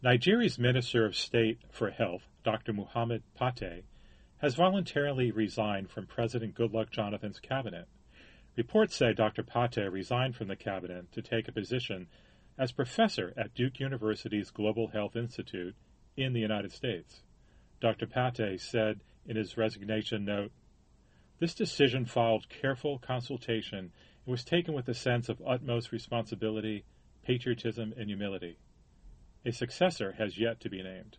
Nigeria's Minister of State for Health, Dr. Muhammad Pate, has voluntarily resigned from President Goodluck Jonathan's cabinet. Reports say Dr. Pate resigned from the cabinet to take a position as professor at Duke University's Global Health Institute in the United States. Dr. Pate said in his resignation note, This decision followed careful consultation and was taken with a sense of utmost responsibility, patriotism, and humility. A successor has yet to be named.